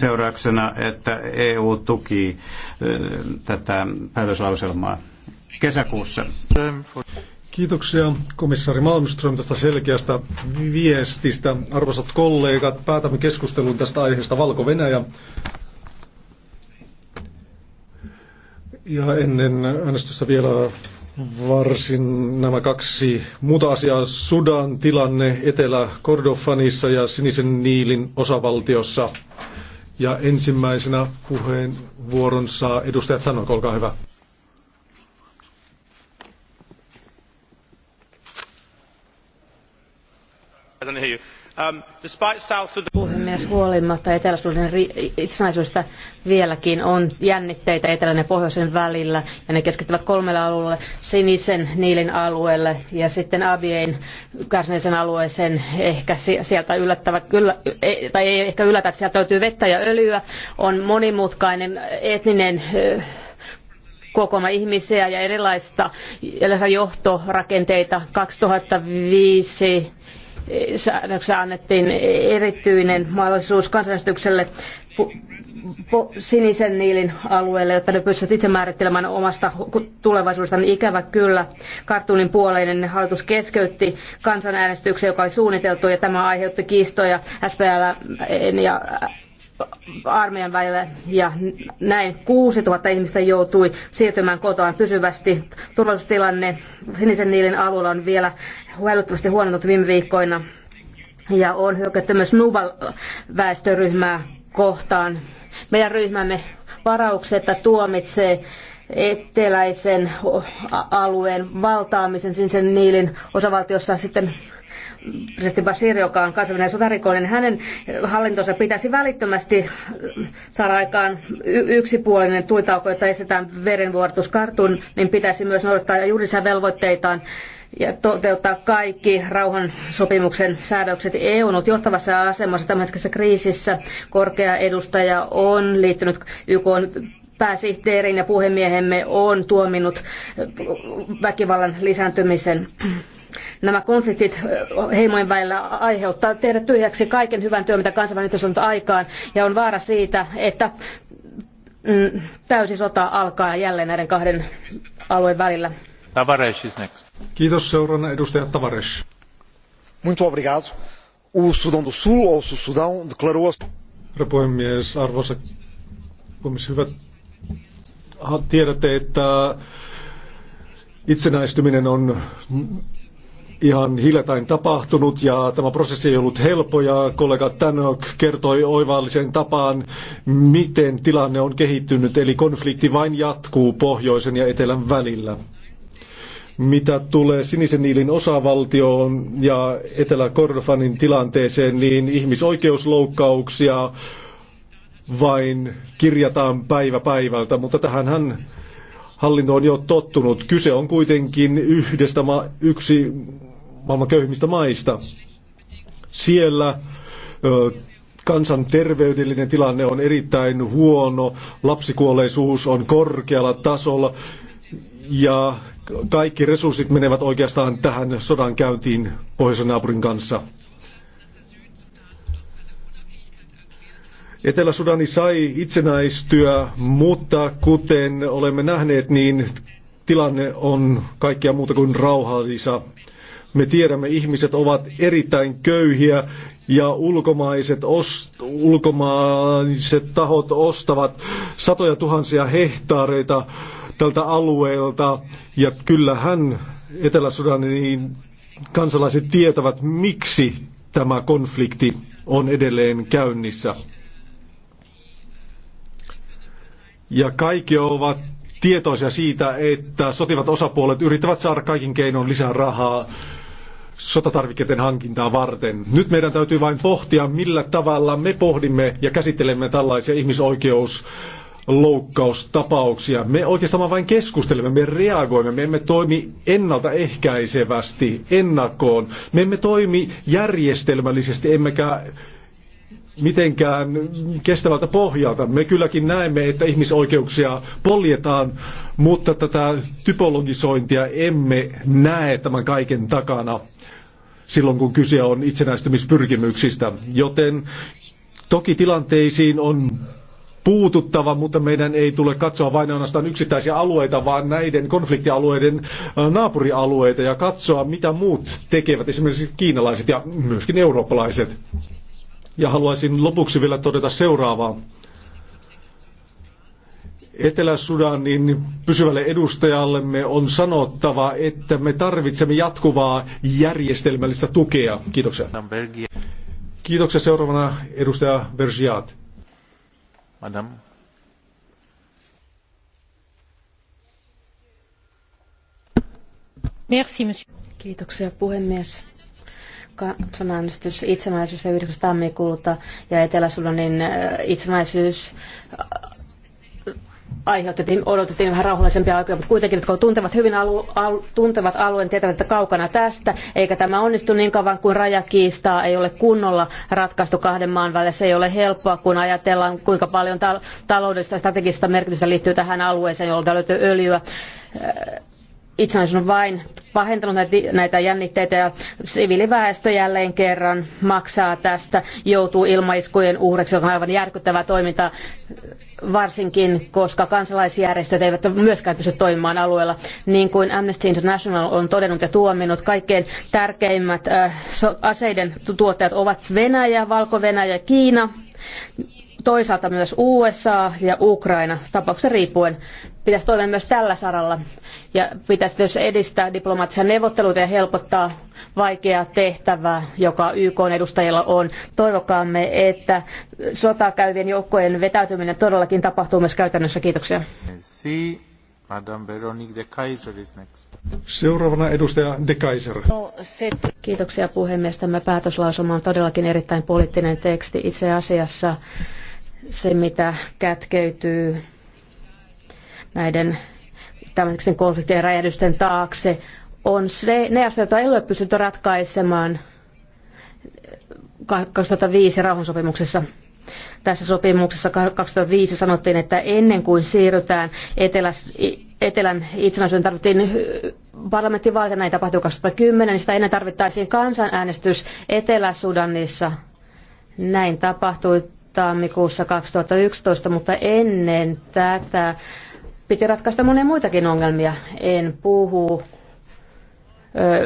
seurauksena, että EU tuki tätä päätöslauselmaa kesäkuussa. Kiitoksia komissaari Malmström tästä selkeästä viestistä. Arvoisat kollegat, päätämme keskustelun tästä aiheesta Valko-Venäjä. Ja ennen äänestystä vielä varsin nämä kaksi muuta asiaa. Sudan tilanne Etelä-Kordofanissa ja Sinisen Niilin osavaltiossa. Ja ensimmäisenä puheenvuoron saa edustaja Tanok, olkaa hyvä. I don't you. Um, Puhemies, huolimatta etelä itsenäisyydestä vieläkin on jännitteitä etelän ja pohjoisen välillä, ja ne keskittyvät kolmelle alueelle, sinisen niilin alueelle ja sitten Abiein kärsineisen alueeseen. Ehkä sieltä yllättävä, kyllä, e- tai ei ehkä yllätä, että sieltä löytyy vettä ja öljyä, on monimutkainen etninen kokoama ihmisiä ja erilaista, erilaisia johtorakenteita 2005 säädöksessä annettiin erityinen mahdollisuus kansanäänestykselle sinisen niilin alueelle, jotta ne pystyvät itse määrittelemään omasta tulevaisuudestaan. ikävä kyllä, kartuunin puoleinen hallitus keskeytti kansanäänestyksen, joka oli suunniteltu, ja tämä aiheutti kiistoja SPL ja armeijan välillä ja näin 6000 ihmistä joutui siirtymään kotoaan pysyvästi. Turvallisuustilanne Sinisen Niilin alueella on vielä huolettavasti huonontunut viime viikkoina ja on hyökätty myös nuval väestöryhmää kohtaan. Meidän ryhmämme varauksetta tuomitsee eteläisen alueen valtaamisen Sinisen Niilin osavaltiossa sitten presidentti Bashir, joka on kansainvälinen sotarikollinen, hänen hallintonsa pitäisi välittömästi saada aikaan yksipuolinen tulitauko, jota estetään verenvuorotus kartun, niin pitäisi myös noudattaa juridisia velvoitteitaan ja toteuttaa kaikki rauhansopimuksen säädökset. EU on ollut johtavassa asemassa tämänhetkisessä kriisissä. Korkea edustaja on liittynyt YK pääsihteerin ja puhemiehemme on tuominnut väkivallan lisääntymisen nämä konfliktit heimojen välillä aiheuttaa tehdä tyhjäksi kaiken hyvän työn, mitä kansainvälinen on aikaan, ja on vaara siitä, että mm, täysi sota alkaa jälleen näiden kahden alueen välillä. Tavares is next. Kiitos seurana edustaja Tavares. Muito obrigado. O Sudão do Sul, ou Sudão, declarou... Herra puhemies, arvoisa puhemies, hyvät tiedätte, että itsenäistyminen on ihan hiljattain tapahtunut ja tämä prosessi ei ollut helppo ja kollega Tanok kertoi oivallisen tapaan, miten tilanne on kehittynyt, eli konflikti vain jatkuu pohjoisen ja etelän välillä. Mitä tulee Sinisen Niilin osavaltioon ja Etelä-Kordofanin tilanteeseen, niin ihmisoikeusloukkauksia vain kirjataan päivä päivältä, mutta tähän hän hallinto on jo tottunut. Kyse on kuitenkin yhdestä yksi maailman köyhimmistä maista. Siellä kansan terveydellinen tilanne on erittäin huono, lapsikuolleisuus on korkealla tasolla ja kaikki resurssit menevät oikeastaan tähän sodan käyntiin pohjoisen naapurin kanssa. Etelä-Sudani sai itsenäistyä, mutta kuten olemme nähneet, niin tilanne on kaikkea muuta kuin rauhallisa. Me tiedämme, ihmiset ovat erittäin köyhiä ja ulkomaiset, ost, ulkomaiset tahot ostavat satoja tuhansia hehtaareita tältä alueelta. Ja kyllähän Etelä-Sudanin kansalaiset tietävät, miksi tämä konflikti on edelleen käynnissä. Ja kaikki ovat tietoisia siitä, että sotivat osapuolet yrittävät saada kaikin keinoin lisää rahaa sotatarvikkeiden hankintaa varten. Nyt meidän täytyy vain pohtia, millä tavalla me pohdimme ja käsittelemme tällaisia ihmisoikeus loukkaustapauksia. Me oikeastaan vain keskustelemme, me reagoimme, me emme toimi ennaltaehkäisevästi, ennakkoon. Me emme toimi järjestelmällisesti, emmekä mitenkään kestävältä pohjalta. Me kylläkin näemme, että ihmisoikeuksia poljetaan, mutta tätä typologisointia emme näe tämän kaiken takana silloin, kun kyse on itsenäistymispyrkimyksistä. Joten toki tilanteisiin on puututtava, mutta meidän ei tule katsoa vain ainoastaan yksittäisiä alueita, vaan näiden konfliktialueiden naapurialueita ja katsoa, mitä muut tekevät, esimerkiksi kiinalaiset ja myöskin eurooppalaiset. Ja haluaisin lopuksi vielä todeta seuraavaa. Etelä-Sudanin pysyvälle edustajallemme on sanottava, että me tarvitsemme jatkuvaa järjestelmällistä tukea. Kiitoksia. Kiitoksia seuraavana edustaja Bergiat. Madame. Merci, monsieur. Kiitoksia puhemies kansanäänestys itsenäisyys ja 9. tammikuuta ja Etelä-Sudanin äh, itsenäisyys äh, aiheutettiin, odotettiin vähän rauhallisempia aikoja, mutta kuitenkin, jotka tuntevat hyvin alu, al, tuntevat alueen, tietävät, että kaukana tästä, eikä tämä onnistu niin kauan kuin rajakiistaa ei ole kunnolla ratkaistu kahden maan välillä. Se ei ole helppoa, kun ajatellaan, kuinka paljon taloudellista ja strategista merkitystä liittyy tähän alueeseen, jolta löytyy öljyä äh, itsenäisyys on vain pahentanut näitä jännitteitä ja siviiliväestö jälleen kerran maksaa tästä, joutuu ilmaiskujen uhreksi, joka on aivan järkyttävää toimintaa, varsinkin koska kansalaisjärjestöt eivät myöskään pysty toimimaan alueella. Niin kuin Amnesty International on todennut ja tuominnut, kaikkein tärkeimmät äh, aseiden tuottajat ovat Venäjä, Valko-Venäjä, Kiina, toisaalta myös USA ja Ukraina tapauksesta riippuen pitäisi toimia myös tällä saralla. Ja pitäisi myös edistää diplomaattisia neuvotteluita ja helpottaa vaikeaa tehtävää, joka YK edustajilla on. Toivokaamme, että sotaa käyvien joukkojen vetäytyminen todellakin tapahtuu myös käytännössä. Kiitoksia. Seuraavana edustaja de Kaiser. Kiitoksia puhemies. Tämä päätöslausuma on todellakin erittäin poliittinen teksti. Itse asiassa se, mitä kätkeytyy näiden tämmöisen konfliktien räjähdysten taakse, on se, ne asiat, joita ei ole pystytty ratkaisemaan 2005 rauhansopimuksessa. Tässä sopimuksessa 2005 sanottiin, että ennen kuin siirrytään etelä, etelän itsenäisyyden tarvittiin parlamenttivaalit, näin tapahtui 2010, niin sitä ennen tarvittaisiin kansanäänestys Etelä-Sudanissa. Näin tapahtui tammikuussa 2011, mutta ennen tätä piti ratkaista monia muitakin ongelmia. En puhu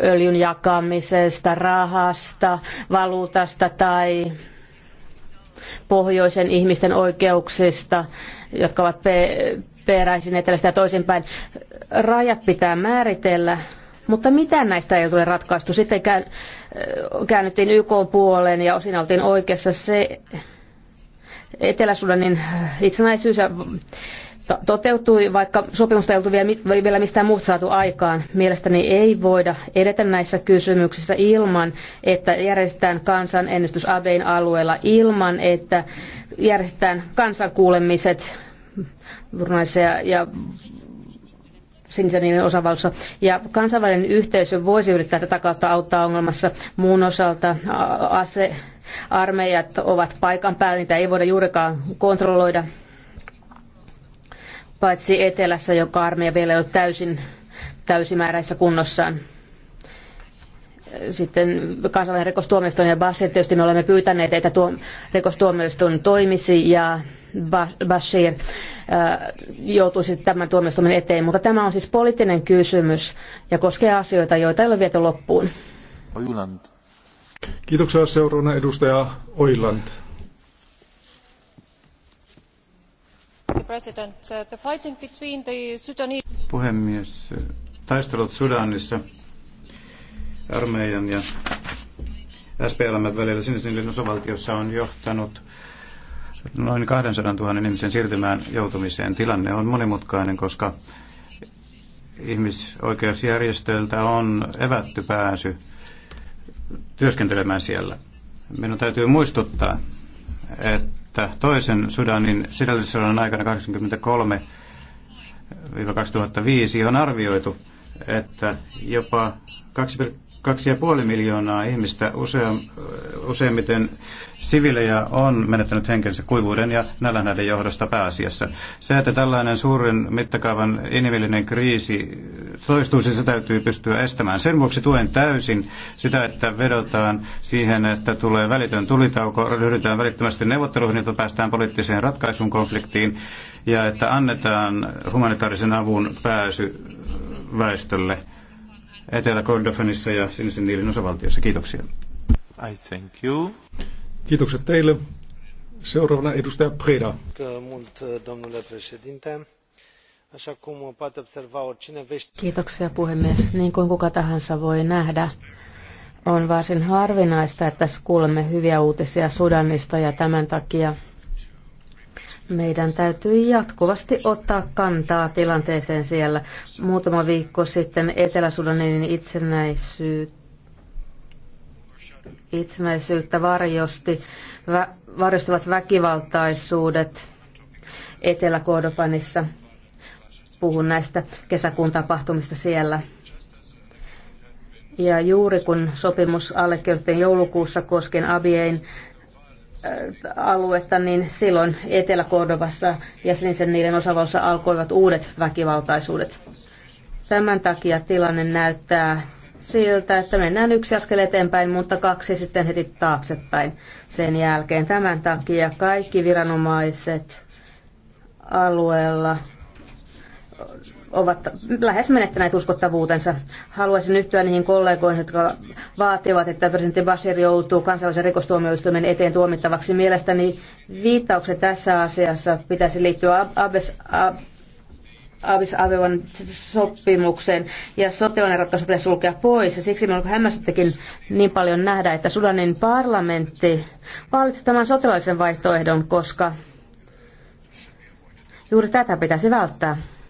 öljyn jakamisesta, rahasta, valuutasta tai pohjoisen ihmisten oikeuksista, jotka ovat pe- peräisin etelästä ja toisinpäin. Rajat pitää määritellä, mutta mitään näistä ei tule ratkaistu. Sitten käyn, käännyttiin YK puoleen ja osin oltiin oikeassa se Etelä-Sudanin itsenäisyys ja toteutui, vaikka sopimusta ei oltu vielä mistään muusta saatu aikaan. Mielestäni ei voida edetä näissä kysymyksissä ilman, että järjestetään kansanennustus Abein alueella, ilman, että järjestetään kansankuulemiset Brunaisia ja sinisen osavallossa. Ja kansainvälinen yhteisö voisi yrittää tätä kautta auttaa ongelmassa muun osalta ase, armeijat ovat paikan päällä, niitä ei voida juurikaan kontrolloida paitsi etelässä, joka armeija vielä ei ole täysin, täysimääräisessä kunnossaan. Sitten kansainvälinen rikostuomioistuin ja Bashir, tietysti me olemme pyytäneet, että tuo rikostuomioistuin toimisi ja Bashir äh, joutuisi tämän tuomioistuimen eteen. Mutta tämä on siis poliittinen kysymys ja koskee asioita, joita ei ole viety loppuun. Ojuland. Kiitoksia seuraavana edustaja Oiland. Uh, Puhemies, uh, taistelut Sudanissa armeijan ja SPLM välillä sinisen osavaltiossa on johtanut noin 200 000 ihmisen siirtymään joutumiseen. Tilanne on monimutkainen, koska ihmisoikeusjärjestöiltä on evätty pääsy työskentelemään siellä. Minun täytyy muistuttaa, että että toisen Sudanin sisällissodan aikana 1983-2005 on arvioitu, että jopa 2,5 miljoonaa ihmistä, usea, useimmiten sivilejä, on menettänyt henkensä kuivuuden ja nälänhäiden johdosta pääasiassa. Se, että tällainen suuren mittakaavan inhimillinen kriisi toistuisi, siis se täytyy pystyä estämään. Sen vuoksi tuen täysin sitä, että vedotaan siihen, että tulee välitön tulitauko, ryhdytään välittömästi neuvotteluihin, jotta päästään poliittiseen ratkaisuun konfliktiin, ja että annetaan humanitaarisen avun pääsy väestölle. Etelä-Kordofanissa ja Sinisen Niilin osavaltiossa. Kiitoksia. I thank you. Kiitokset teille. Seuraavana edustaja Preda. Mult, domnule președinte. Așa cum poate observa oricine Kiitoksia puhemies. Niin kuin kuka tahansa voi nähdä, on varsin harvinaista, että kuulemme hyviä uutisia Sudanista ja tämän takia meidän täytyy jatkuvasti ottaa kantaa tilanteeseen siellä. Muutama viikko sitten Etelä-Sudanin itsenäisyyttä itsenäisyyttä varjosti, vä, varjostavat väkivaltaisuudet Etelä-Kordofanissa. Puhun näistä kesäkuun tapahtumista siellä. Ja juuri kun sopimus allekirjoitettiin joulukuussa koskien Abiein aluetta, niin silloin Etelä-Kordovassa ja sen niiden osavallossa alkoivat uudet väkivaltaisuudet. Tämän takia tilanne näyttää siltä, että mennään yksi askel eteenpäin, mutta kaksi sitten heti taaksepäin sen jälkeen. Tämän takia kaikki viranomaiset alueella ovat lähes menettäneet uskottavuutensa. Haluaisin yhtyä niihin kollegoihin, jotka vaativat, että presidentti Bashir joutuu kansallisen rikostuomioistuimen eteen tuomittavaksi. Mielestäni viittaukset tässä asiassa pitäisi liittyä Abes, Ab, Abis Avevan sopimukseen ja sotilainen ratkaisu pitäisi sulkea pois. Ja siksi minun hämmästyttikin niin paljon nähdä, että Sudanin parlamentti valitsi tämän sotilaisen vaihtoehdon, koska juuri tätä pitäisi välttää.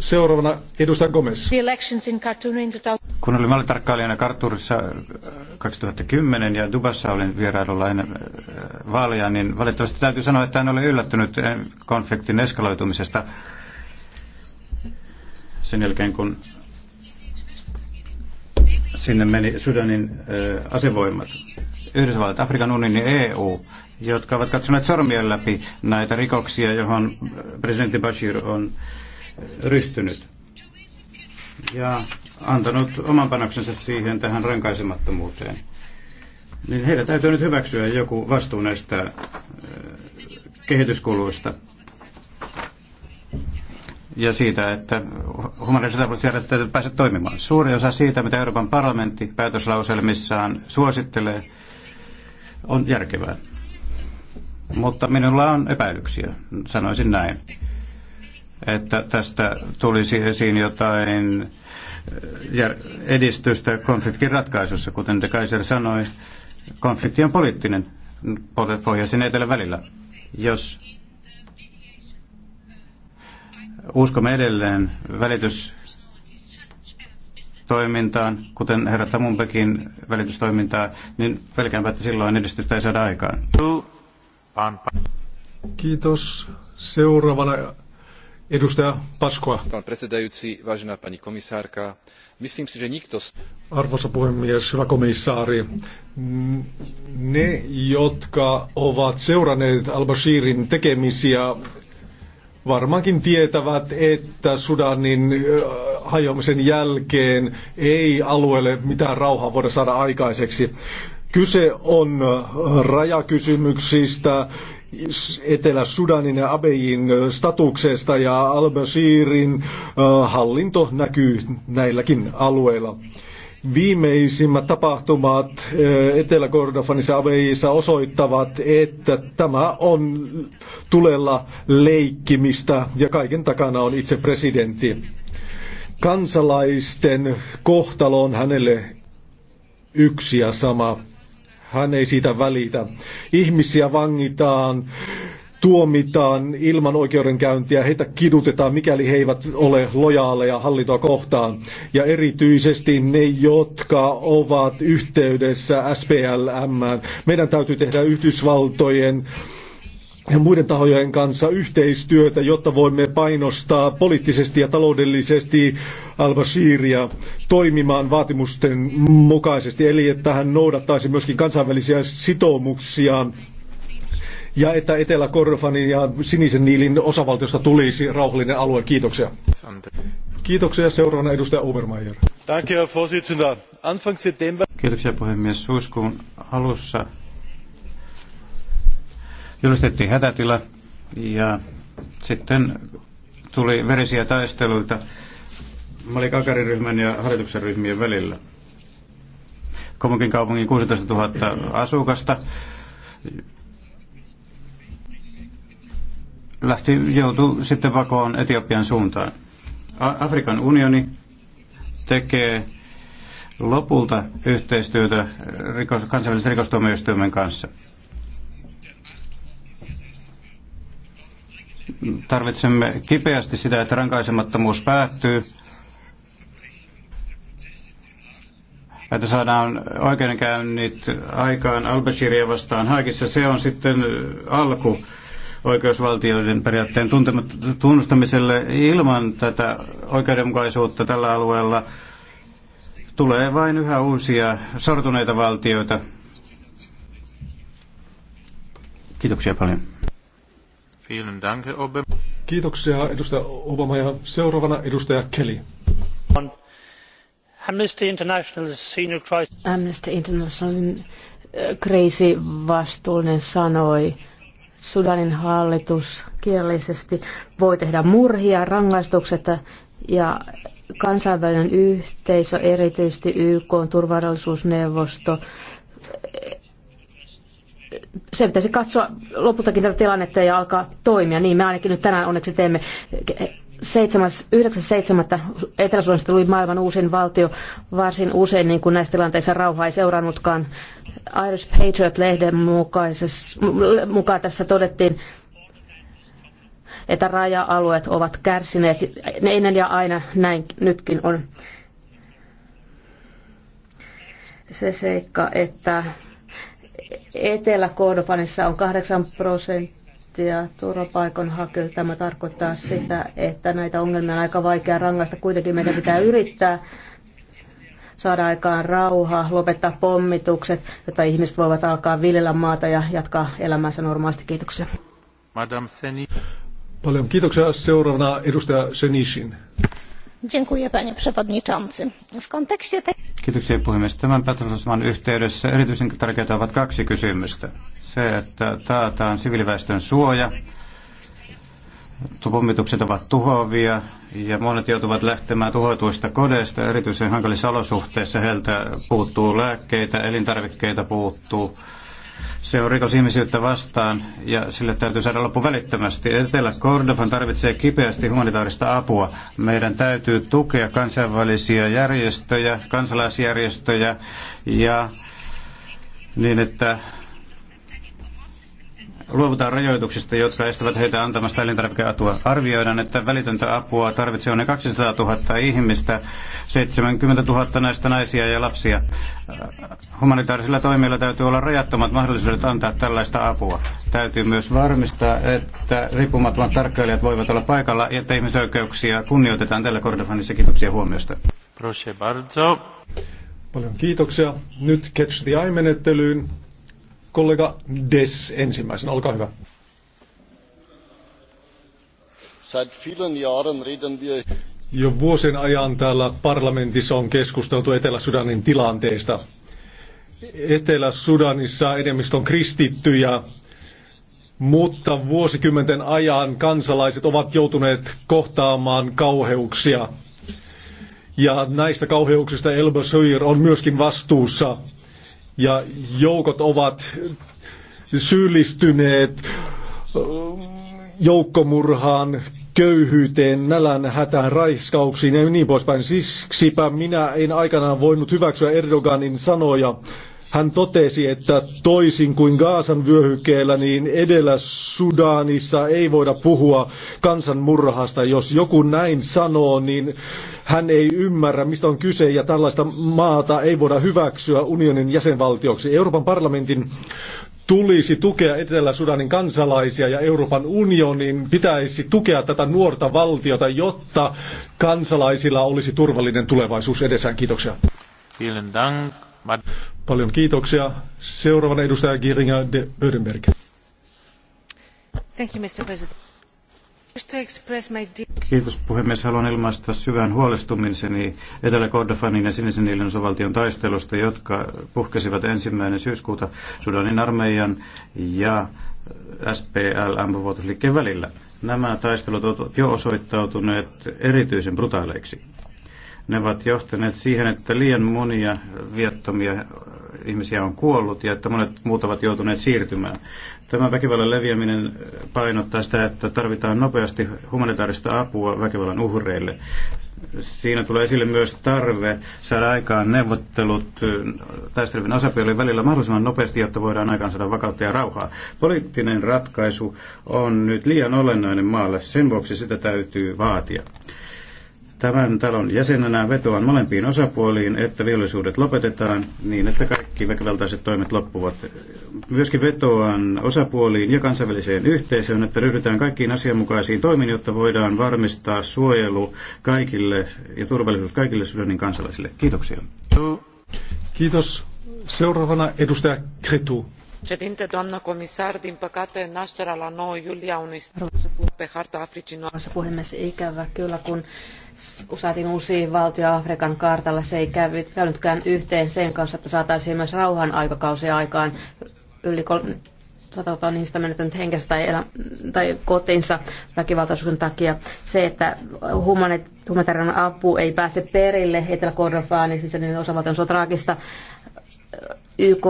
Seuraavana edustaja Gomez. Kun olin vaalitarkkailijana Kartuurissa 2010 äh, ja Dubassa olin vierailulla ennen äh, vaaleja, niin valitettavasti täytyy sanoa, että en ole yllättynyt äh, konfliktin eskaloitumisesta sen jälkeen, kun sinne meni Sudanin asevoimat. Yhdysvallat, Afrikan unioni, EU jotka ovat katsoneet sormien läpi näitä rikoksia, johon presidentti Bashir on ryhtynyt ja antanut oman panoksensa siihen tähän rankaisemattomuuteen. Niin heidän täytyy nyt hyväksyä joku vastuu näistä kehityskuluista ja siitä, että humanitaariset avustusjärjestöt täytyy päästä toimimaan. Suuri osa siitä, mitä Euroopan parlamentti päätöslauselmissaan suosittelee, on järkevää mutta minulla on epäilyksiä, sanoisin näin, että tästä tulisi esiin jotain eh, edistystä konfliktin ratkaisussa, kuten de Kaiser sanoi, konflikti on poliittinen pohjoisen etelän välillä. Jos uskomme edelleen välitystoimintaan, kuten herra Tamunbekin välitystoimintaa, niin pelkäänpä, että silloin edistystä ei saada aikaan. Kiitos. Seuraavana edustaja Paskoa. Arvoisa puhemies, hyvä komissaari. Ne, jotka ovat seuranneet al-Bashirin tekemisiä, varmaankin tietävät, että Sudanin äh, hajoamisen jälkeen ei alueelle mitään rauhaa voida saada aikaiseksi. Kyse on äh, rajakysymyksistä, Etelä-Sudanin ja Abeyin äh, statuksesta ja Al-Bashirin äh, hallinto näkyy näilläkin alueilla. Viimeisimmät tapahtumat Etelä-Kordofanissa Abeissa osoittavat, että tämä on tulella leikkimistä ja kaiken takana on itse presidentti. Kansalaisten kohtalo on hänelle yksi ja sama hän ei siitä välitä. Ihmisiä vangitaan, tuomitaan ilman oikeudenkäyntiä, heitä kidutetaan, mikäli he eivät ole lojaaleja hallintoa kohtaan. Ja erityisesti ne, jotka ovat yhteydessä SPLM. Meidän täytyy tehdä Yhdysvaltojen äh, ja muiden tahojen kanssa yhteistyötä, jotta voimme painostaa poliittisesti ja taloudellisesti al-Bashiria toimimaan vaatimusten mukaisesti, eli että hän noudattaisi myöskin kansainvälisiä sitoumuksiaan ja että Etelä-Kordofanin ja Sinisen Niilin osavaltiosta tulisi rauhallinen alue. Kiitoksia. Kiitoksia. Seuraavana edustaja Obermeier. Kiitoksia puhemies. Syyskuun alussa Julistettiin hätätila ja sitten tuli verisiä taisteluita Malik Akarin ja hallituksen ryhmien välillä. Komukin kaupungin 16 000 asukasta lähti, joutui sitten vakoon Etiopian suuntaan. Afrikan unioni tekee lopulta yhteistyötä rikos, kansainvälisen rikostuomioistuimen kanssa. Tarvitsemme kipeästi sitä, että rankaisemattomuus päättyy, että saadaan oikeudenkäynnit aikaan Al-Bashiria vastaan Haagissa. Se on sitten alku oikeusvaltioiden periaatteen tunnustamiselle ilman tätä oikeudenmukaisuutta tällä alueella tulee vain yhä uusia sortuneita valtioita. Kiitoksia paljon. Vielen Dank, Obama. Kiitoksia edustaja Obama ja seuraavana edustaja Kelly. Amnesty International's senior crisis. Amnesty Internationalin äh, kriisivastuullinen sanoi, Sudanin hallitus kielellisesti voi tehdä murhia rangaistukset ja kansainvälinen yhteisö, erityisesti YK, turvallisuusneuvosto, se pitäisi katsoa lopultakin tätä tilannetta ja alkaa toimia. Niin me ainakin nyt tänään onneksi teemme 9.7. Etelä-Suomesta tuli maailman uusin valtio varsin usein, niin kuin näissä tilanteissa rauha ei seurannutkaan. Irish Patriot-lehden mukaan tässä todettiin, että raja-alueet ovat kärsineet. Ne ennen ja aina näin nytkin on se seikka, että Etelä-Kordofanissa on 8 prosenttia turvapaikanhakijoita. Tämä tarkoittaa sitä, että näitä ongelmia on aika vaikea rangaista. Kuitenkin meidän pitää yrittää saada aikaan rauha, lopettaa pommitukset, jotta ihmiset voivat alkaa viljellä maata ja jatkaa elämänsä normaalisti. Kiitoksia. Madame Seni. Paljon kiitoksia. Seuraavana edustaja Senishin panie przewodniczący! w kontekście tej... Kiitoksia puhemies. Tämän päätöslauselman yhteydessä erityisen tärkeitä ovat kaksi kysymystä. Se, että taataan siviiliväestön suoja, pommitukset ovat tuhoavia ja monet joutuvat lähtemään tuhoituista kodeista erityisen hankalissa olosuhteissa. Heiltä puuttuu lääkkeitä, elintarvikkeita puuttuu se on rikos ihmisyyttä vastaan ja sille täytyy saada loppu välittömästi. Etelä-Kordofan tarvitsee kipeästi humanitaarista apua. Meidän täytyy tukea kansainvälisiä järjestöjä, kansalaisjärjestöjä ja niin, että luovutaan rajoituksista, jotka estävät heitä antamasta elintarvikeapua. Arvioidaan, että välitöntä apua tarvitsee noin 200 000 ihmistä, 70 000 näistä naisia ja lapsia. Humanitaarisilla toimilla täytyy olla rajattomat mahdollisuudet antaa tällaista apua. Täytyy myös varmistaa, että riippumattomat tarkkailijat voivat olla paikalla ja että ihmisoikeuksia kunnioitetaan tällä Kordofanissa. Kiitoksia huomiosta. Proszę bardzo. Paljon kiitoksia. Nyt Catch the Eye-menettelyyn. Kollega Des ensimmäisenä, olkaa hyvä. Jo vuosien ajan täällä parlamentissa on keskusteltu Etelä-Sudanin tilanteesta. Etelä-Sudanissa enemmistö on kristittyjä, mutta vuosikymmenten ajan kansalaiset ovat joutuneet kohtaamaan kauheuksia. Ja näistä kauheuksista Elba Söir on myöskin vastuussa ja joukot ovat syyllistyneet joukkomurhaan, köyhyyteen, nälän, hätään, raiskauksiin ja niin poispäin. Siksipä minä en aikanaan voinut hyväksyä Erdoganin sanoja. Hän totesi, että toisin kuin Gaasan vyöhykkeellä, niin edellä sudanissa ei voida puhua kansanmurhasta. Jos joku näin sanoo, niin hän ei ymmärrä, mistä on kyse, ja tällaista maata ei voida hyväksyä unionin jäsenvaltioksi. Euroopan parlamentin tulisi tukea Etelä-Sudanin kansalaisia ja Euroopan unionin pitäisi tukea tätä nuorta valtiota, jotta kansalaisilla olisi turvallinen tulevaisuus edessään. Kiitoksia. Paljon kiitoksia. Seuraavana edustaja Giringa de Ödenberg. Thank you, Mr. President. Kiitos puhemies. Haluan ilmaista syvän huolestumiseni Etelä-Kordofanin ja sinisen osavaltion taistelusta, jotka puhkesivat ensimmäinen syyskuuta Sudanin armeijan ja SPL-ampuvuotusliikkeen välillä. Nämä taistelut ovat jo osoittautuneet erityisen brutaaleiksi. Ne ovat johtaneet siihen, että liian monia viettomia ihmisiä on kuollut ja että monet muut ovat joutuneet siirtymään. Tämä väkivallan leviäminen painottaa sitä, että tarvitaan nopeasti humanitaarista apua väkivallan uhreille. Siinä tulee esille myös tarve saada aikaan neuvottelut taistelevien osapuolien välillä mahdollisimman nopeasti, jotta voidaan aikaan saada vakautta ja rauhaa. Poliittinen ratkaisu on nyt liian olennainen maalle, sen vuoksi sitä täytyy vaatia. Tämän talon jäsenenä vetoan molempiin osapuoliin, että vihollisuudet lopetetaan niin, että kaikki väkivaltaiset toimet loppuvat. Myöskin vetoan osapuoliin ja kansainväliseen yhteisöön, että ryhdytään kaikkiin asianmukaisiin toimiin, jotta voidaan varmistaa suojelu kaikille ja turvallisuus kaikille Sudanin kansalaisille. Kiitoksia. Kiitos. Seuraavana edustaja Kretu. Președinte, doamnă comisar, din păcate nașterea la unui pe harta Afrikin... Arvoisa puhemies, ikävä kyllä, kun saatiin uusi valtio Afrikan kartalla, se ei kävi, käynytkään yhteen sen kanssa, että saataisiin myös rauhan aikakausi aikaan. Yli kolme, on niistä menettänyt henkensä tai, elä, tai kotinsa väkivaltaisuuden takia. Se, että humanitaarinen apu ei pääse perille Etelä-Kordofaan, niin sisäinen osavaltio on traagista. YK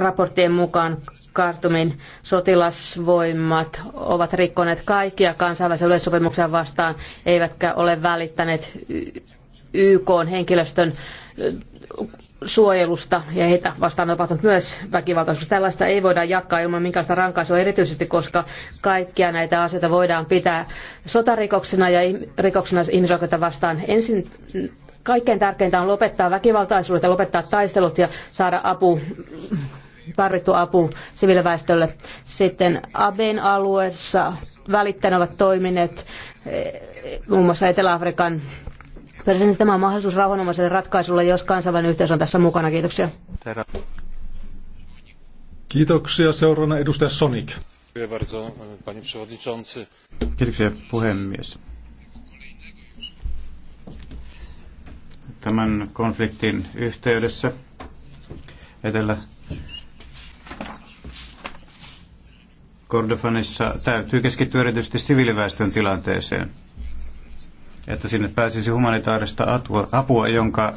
raporttien mukaan Kartumin sotilasvoimat ovat rikkoneet kaikkia kansainvälisiä yleissopimuksia vastaan, eivätkä ole välittäneet YK henkilöstön eh, suojelusta ja heitä vastaan on tapahtunut myös väkivaltaisuus. Tällaista ei voida jatkaa ilman minkäänlaista rankaisua erityisesti, koska kaikkia näitä asioita voidaan pitää sotarikoksena ja rikoksena ihmisoikeutta vastaan. Ensin kaikkein tärkeintä on lopettaa väkivaltaisuudet ja lopettaa taistelut ja saada apu tarvittu apu siviiliväestölle. Sitten Aben alueessa välittäen ovat toimineet eh, muun muassa Etelä-Afrikan presidentti. Tämä on mahdollisuus rauhanomaiselle ratkaisulle, jos kansainvälinen yhteys on tässä mukana. Kiitoksia. Kiitoksia. Seuraavana edustaja Sonik. Kiitoksia puhemies. Tämän konfliktin yhteydessä Etelä- Kordofanissa täytyy keskittyä erityisesti siviiliväestön tilanteeseen, että sinne pääsisi humanitaarista apua, jonka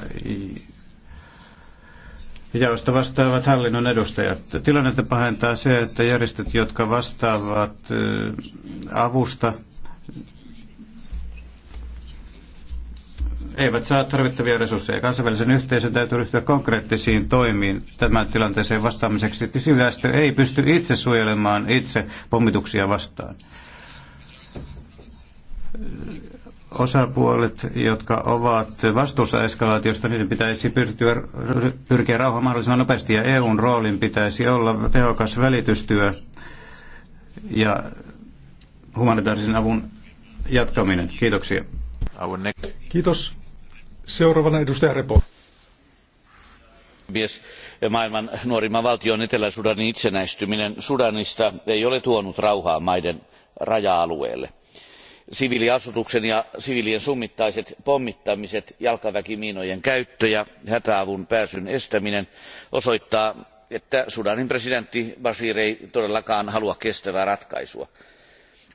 jaosta vastaavat hallinnon edustajat. Tilannetta pahentaa se, että järjestöt, jotka vastaavat avusta, eivät saa tarvittavia resursseja. Kansainvälisen yhteisön täytyy ryhtyä konkreettisiin toimiin tämän tilanteeseen vastaamiseksi. Siviläistö ei pysty itse suojelemaan itse pommituksia vastaan. Osapuolet, jotka ovat vastuussa eskalaatiosta, niiden pitäisi pyrkiä, pyrkiä rauhaan mahdollisimman nopeasti ja EUn roolin pitäisi olla tehokas välitystyö ja humanitaarisen avun jatkaminen. Kiitoksia. Kiitos. Seuraavana edustaja Repo. Maailman nuorimman valtion Etelä-Sudanin itsenäistyminen Sudanista ei ole tuonut rauhaa maiden raja-alueelle siviiliasutuksen ja siviilien summittaiset pommittamiset jalkaväkimiinojen käyttö ja hätäavun pääsyn estäminen osoittaa että sudanin presidentti bashir ei todellakaan halua kestävää ratkaisua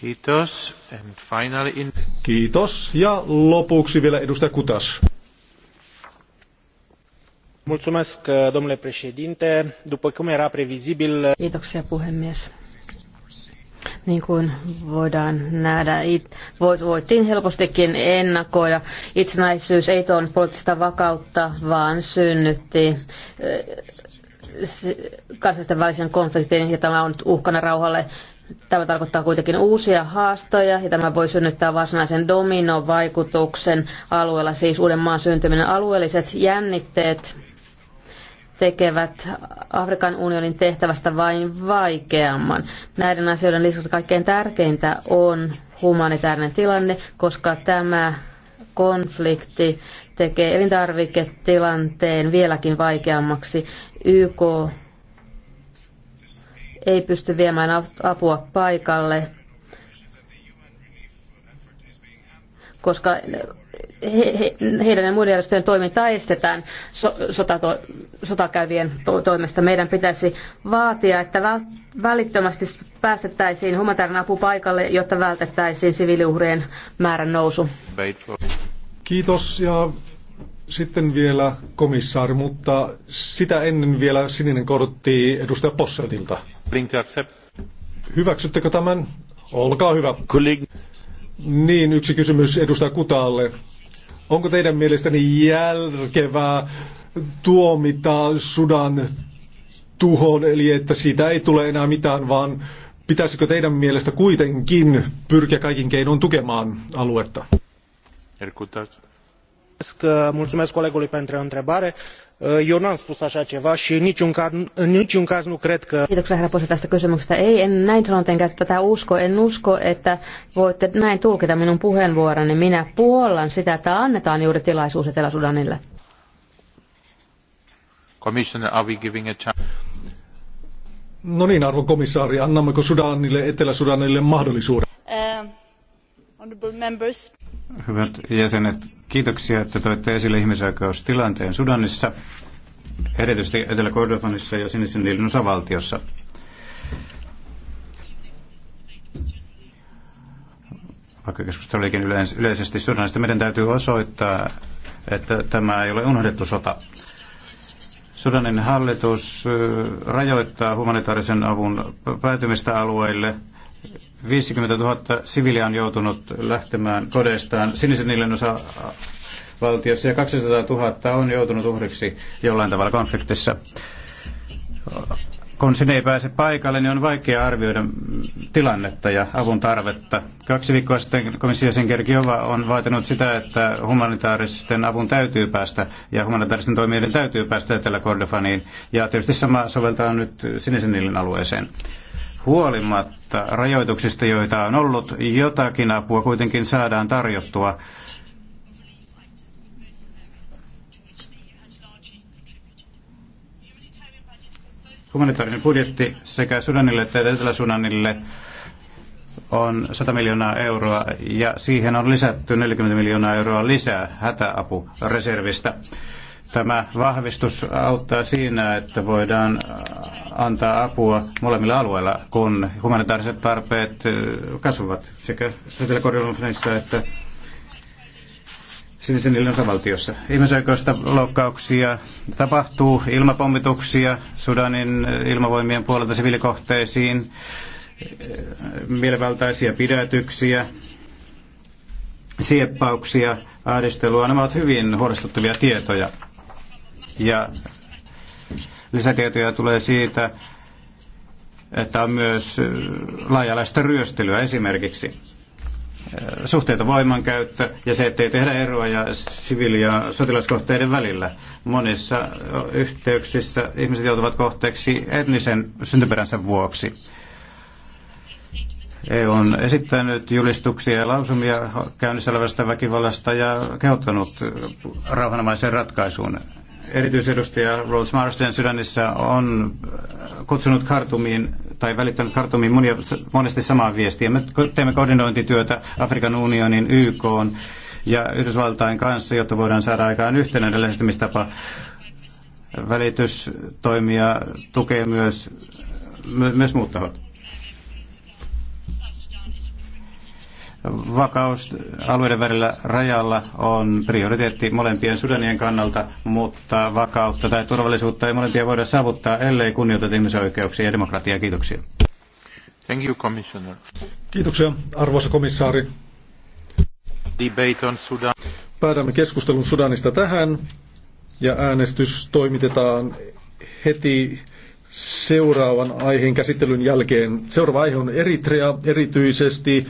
Kiitos. And finally in... Kiitos. Ja lopuksi vielä edustaja Kutas. Mulțumesc, domnule președinte. După cum era previzibil... Kiitoksia, puhemies niin kuin voidaan nähdä, it, voitiin helpostikin ennakoida. Itsenäisyys ei tuon poliittista vakautta, vaan synnytti eh, kansallisten välisen konfliktin, ja tämä on nyt uhkana rauhalle. Tämä tarkoittaa kuitenkin uusia haastoja ja tämä voi synnyttää varsinaisen dominovaikutuksen alueella, siis Uudenmaan syntyminen. Alueelliset jännitteet tekevät Afrikan unionin tehtävästä vain vaikeamman. Näiden asioiden lisäksi kaikkein tärkeintä on humanitaarinen tilanne, koska tämä konflikti tekee elintarviketilanteen vieläkin vaikeammaksi. YK ei pysty viemään apua paikalle, koska he, he, heidän ja muiden järjestöjen toiminta estetään so, to, sotakäyvien to, toimesta. Meidän pitäisi vaatia, että vält, välittömästi päästettäisiin humanitaarinen apu paikalle, jotta vältettäisiin siviiliuhrien määrän nousu. Kiitos ja sitten vielä komissaari, mutta sitä ennen vielä sininen kortti edustaja Posseltilta. Hyväksyttekö tämän? Olkaa hyvä. Niin, yksi kysymys edustaja Kutaalle. Onko teidän mielestäni järkevää tuomita Sudan tuhon, eli että siitä ei tule enää mitään, vaan pitäisikö teidän mielestä kuitenkin pyrkiä kaikin keinoin tukemaan aluetta? Mulțumesc colegului pentru întrebare. Uh, eu nu am spus așa ceva și în niciun, caz, nu cred că... Kiitoksia herra Posi tästä kysymyksestä. Ei, en näin sanonut enkä tätä usko. En usko, että voitte näin tulkita minun puheenvuoroni. Minä puollan sitä, että annetaan juuri tilaisuus Etelä-Sudanille. Commissioner, are we giving a chance? No niin, arvon komissaari, annammeko Sudanille, Etelä-Sudanille mahdollisuuden? Uh, honorable members. Hyvät jäsenet, Kiitoksia, että toitte esille ihmisoikeustilanteen Sudanissa, erityisesti Etelä-Kordofanissa ja Sinisen Nilin osavaltiossa. Vaikka keskustelu olikin yleis- yleisesti Sudanista, meidän täytyy osoittaa, että tämä ei ole unohdettu sota. Sudanin hallitus rajoittaa humanitaarisen avun päätymistä alueille – 50 000 siviiliä on joutunut lähtemään kodeistaan sinisen osa valtiossa ja 200 000 on joutunut uhriksi jollain tavalla konfliktissa. Kun sinne ei pääse paikalle, niin on vaikea arvioida tilannetta ja avun tarvetta. Kaksi viikkoa sitten komissio Senkerkiova on vaatinut sitä, että humanitaaristen avun täytyy päästä ja humanitaaristen toimijoiden täytyy päästä Etelä-Kordofaniin. Ja tietysti sama soveltaa nyt Sinisenillin alueeseen huolimatta rajoituksista, joita on ollut, jotakin apua kuitenkin saadaan tarjottua. Humanitaarinen budjetti sekä Sudanille että Etelä-Sudanille on 100 miljoonaa euroa ja siihen on lisätty 40 miljoonaa euroa lisää hätäapureservistä. Tämä vahvistus auttaa siinä, että voidaan äh, antaa apua molemmilla alueilla, kun humanitaariset tarpeet äh, kasvavat sekä Etelä-Koreanissa että sinisen osavaltiossa. Ihmisoikeusta loukkauksia tapahtuu, ilmapommituksia Sudanin äh, ilmavoimien puolelta sivilikohteisiin, mielivaltaisia pidätyksiä, sieppauksia, ahdistelua. Nämä ovat hyvin huolestuttavia tietoja. Ja lisätietoja tulee siitä, että on myös laajalaista ryöstelyä esimerkiksi suhteita voimankäyttö ja se, ettei tehdä eroa ja siviili- ja sotilaskohteiden välillä. Monissa yhteyksissä ihmiset joutuvat kohteeksi etnisen syntyperänsä vuoksi. EU on esittänyt julistuksia ja lausumia käynnissä olevasta väkivallasta ja kehottanut rauhanomaisen ratkaisuun erityisedustaja Rose Marsden sydänissä on kutsunut kartumiin tai välittänyt kartumiin monia, monesti samaa viestiä. Me teemme koordinointityötä Afrikan unionin, YK ja Yhdysvaltain kanssa, jotta voidaan saada aikaan yhtenäinen lähestymistapa. Välitystoimia tukee myös, myös muut tahot. Vakaus alueiden välillä rajalla on prioriteetti molempien sudanien kannalta, mutta vakautta tai turvallisuutta ei molempia voida saavuttaa, ellei kunnioiteta ihmisoikeuksia ja demokratiaa. Kiitoksia. Thank you, Commissioner. Kiitoksia, arvoisa komissaari. Debate on Sudan. Päätämme keskustelun Sudanista tähän ja äänestys toimitetaan heti seuraavan aiheen käsittelyn jälkeen. Seuraava aihe on Eritrea erityisesti.